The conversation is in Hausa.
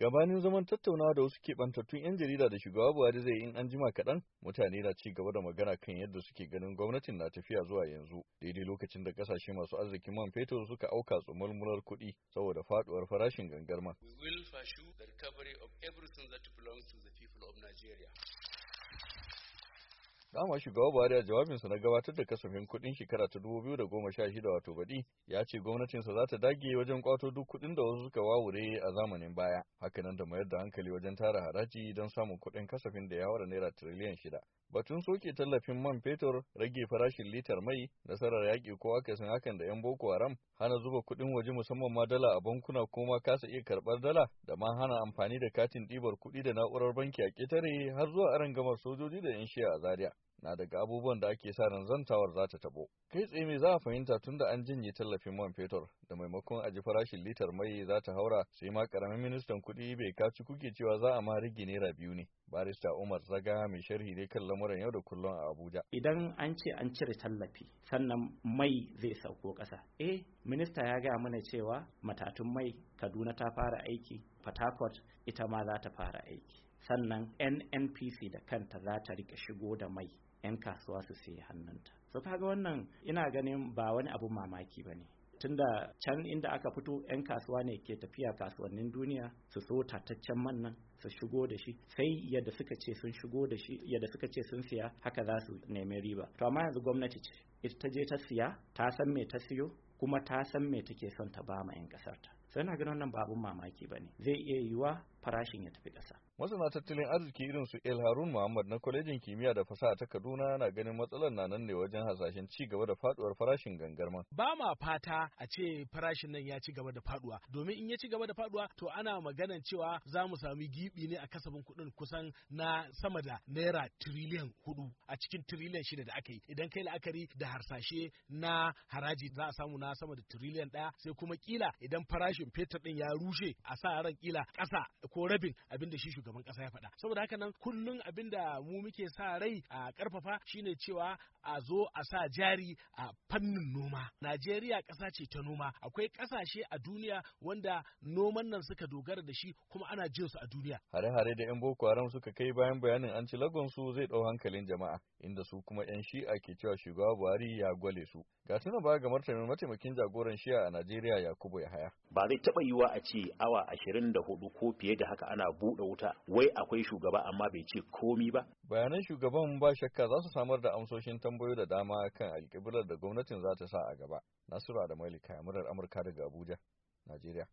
gabanin zaman tattaunawa da wasu keɓantattun 'yan jarida da shugaba buhari zai in an jima kaɗan mutane na ci gaba da magana kan yadda suke ganin gwamnatin na tafiya zuwa yanzu daidai lokacin da ƙasashe masu arzikin man fetur suka auka tsumulmular kuɗi saboda faɗuwar farashin gangarma. We will pursue the recovery of everything that belongs to the people of Nigeria. Dama shugaba Buhari a jawabinsa na gabatar da kasafin kudin shekara ta shida wato baɗi ya ce gwamnatinsa za ta dage wajen kwato duk kudin da wasu suka wawure a zamanin baya. Hakanan da mayar da hankali wajen tara haraji don samun kudin kasafin da ya wara naira tiriliyan shida. Batun soke tallafin man fetur, rage farashin litar mai, nasarar yaki ko akasin hakan da 'yan Boko Haram, hana zuba kuɗin waje musamman ma dala a bankuna ko ma kasa iya karɓar dala, da ma hana amfani da katin ɗibar kuɗi da na'urar banki a ƙetare har zuwa gamar sojoji da 'yan shiya a Zaria. na daga abubuwan da ake sa ran zantawar za ta tabo. Kai tsaye me za a fahimta tun da an jinye tallafin man fetur da maimakon aji farashin litar mai za ta haura sai ma karamin ministan kuɗi bai kaci kuke cewa za a ma rage naira biyu ne. Barista Umar Zaga mai sharhi ne kan lamuran yau da kullum a Abuja. Idan an ce an cire tallafi sannan mai zai sauko ƙasa. Eh, minista ya gaya mana cewa matatun mai Kaduna ta fara aiki, Fatakwat ita ma za ta fara aiki. Sannan NNPC da kanta za ta rike shigo da mai 'yan kasuwa su sayi hannunta ta kaga wannan ina ganin ba wani abu mamaki ba ne tunda can inda aka fito 'yan kasuwa ne ke tafiya kasuwannin duniya su so tataccen man nan su shigo da shi sai yadda suka ce sun shigo da shi yadda suka ce sun siya haka za su nemi riba to amma yanzu gwamnati ce ita ta je ta siya ta san me ta siyo kuma ta san me take son ta bama ma 'yan kasarta sai na ganin wannan ba mamaki ba ne zai iya yiwuwa farashin ya tafi ƙasa. Masana tattalin arziki irin su El Harun Muhammad na kwalejin kimiyya da fasaha ta Kaduna na ganin matsalar na nan ne wajen hasashen ci gaba da faduwar farashin gangarma. Ba ma fata a ce farashin nan ya ci gaba da faduwa domin in ya ci gaba da faduwa to ana maganan cewa za mu sami gibi ne a kasafin kuɗin kusan na sama da naira tiriliyan hudu a cikin tiriliyan shida da aka yi idan kai la'akari da harsashe na haraji za a samu na sama da tiriliyan ɗaya sai kuma kila idan farashin rashin fetur din ya rushe a sa ran kila kasa ko rabin abin da shi shugaban ƙasa ya faɗa saboda haka nan kullun abin da mu muke sa rai a karfafa shine cewa a zo a sa jari a fannin noma Najeriya ƙasa ce ta noma akwai kasashe a duniya wanda noman nan suka dogara da shi kuma ana jin su a duniya hare-hare da 'yan Boko Haram suka kai bayan bayanin an ci lagon su zai ɗau hankalin jama'a inda su kuma 'yan shi'a ke cewa shugaba Buhari ya gwale su ga tuna ba ga martanin mataimakin jagoran shi'a a Najeriya Yakubu Yahaya ba zai taba yiwa a ce awa 24 ko fiye da haka ana buɗe wuta wai akwai shugaba amma bai ce komi ba bayanan shugaban ba shakka za su samar da amsoshin tambayo da dama kan alƙiblar da gwamnatin za ta sa a gaba nasiru da mailika murar amurka daga abuja najeriya